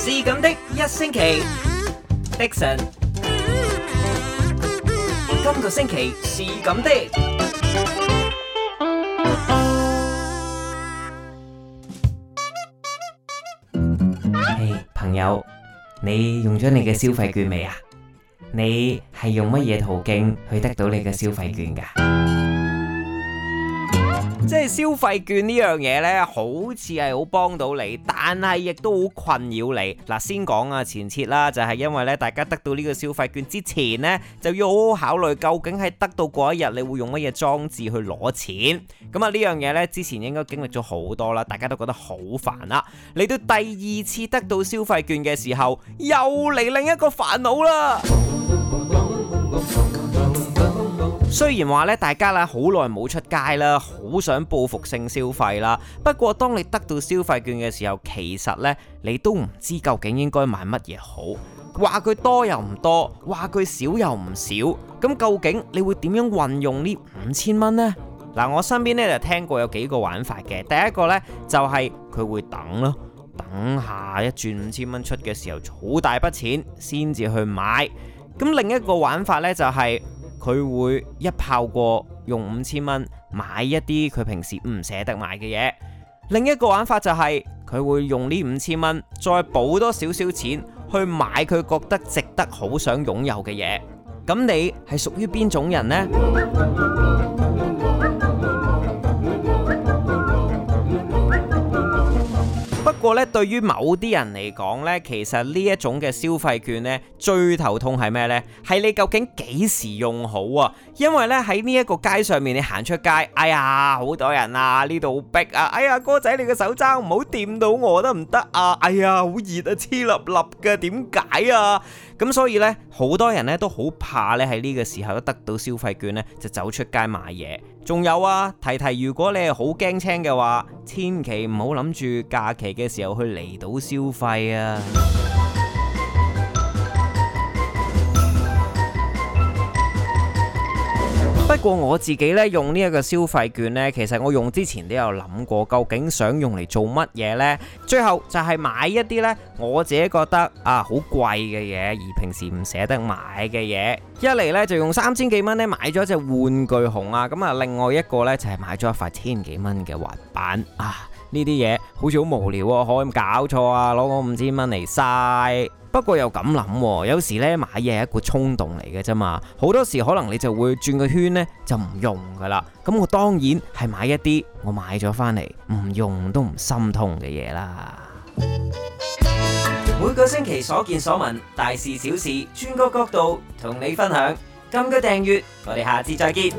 是咁的一星期，迪燊。今個星期是咁的。嘿，朋友，你用咗你嘅消費券未啊？你係用乜嘢途徑去得到你嘅消費券噶？即係消費券呢樣嘢呢，好似係好幫到你，但係亦都好困擾你。嗱，先講啊，前設啦，就係因為呢，大家得到呢個消費券之前呢，就要好好考慮究竟係得到嗰一日你會用乜嘢裝置去攞錢。咁啊，呢樣嘢呢，之前應該經歷咗好多啦，大家都覺得好煩啦。嚟到第二次得到消費券嘅時候，又嚟另一個煩惱啦。雖然話咧，大家啦好耐冇出街啦，好想報復性消費啦。不過當你得到消費券嘅時候，其實咧你都唔知究竟應該買乜嘢好。話佢多又唔多，話佢少又唔少。咁究竟你會點樣運用呢五千蚊呢？嗱，我身邊咧就聽過有幾個玩法嘅。第一個呢，就係佢會等咯，等下一轉五千蚊出嘅時候，儲大筆錢先至去買。咁另一個玩法呢，就係，就係。佢會一炮過用五千蚊買一啲佢平時唔捨得買嘅嘢。另一個玩法就係，佢會用呢五千蚊再補多少少錢去買佢覺得值得好想擁有嘅嘢。咁你係屬於邊種人呢？不過咧，對於某啲人嚟講咧，其實呢一種嘅消費券咧，最頭痛係咩呢？係你究竟幾時用好啊？因為咧喺呢一個街上面，你行出街，哎呀，好多人啊，呢度好逼啊，哎呀，哥仔你嘅手踭唔好掂到我得唔得啊，哎呀，好熱啊，黐笠笠嘅，點解？係 啊，咁所以呢，好多人呢都好怕呢。喺呢個時候一得到消費券呢，就走出街買嘢。仲有啊，提提如果你係好驚青嘅話，千祈唔好諗住假期嘅時候去離島消費啊。不過我自己咧用呢一個消費券咧，其實我用之前都有諗過，究竟想用嚟做乜嘢呢？最後就係買一啲咧我自己覺得啊好貴嘅嘢，而平時唔捨得買嘅嘢。一嚟呢就用三千幾蚊咧買咗一隻玩具熊啊！咁啊，另外一個呢就係買咗一塊千幾蚊嘅滑板啊！呢啲嘢好似好無聊喎啊，可以搞錯啊？攞我五千蚊嚟嘥。不過又咁諗，有時呢買嘢係一個衝動嚟嘅啫嘛，好多時可能你就會轉個圈就唔用噶啦，咁我當然係買一啲我買咗翻嚟唔用都唔心痛嘅嘢啦。每個星期所見所聞，大事小事，專個角,角度同你分享。撳個訂閱，我哋下次再見。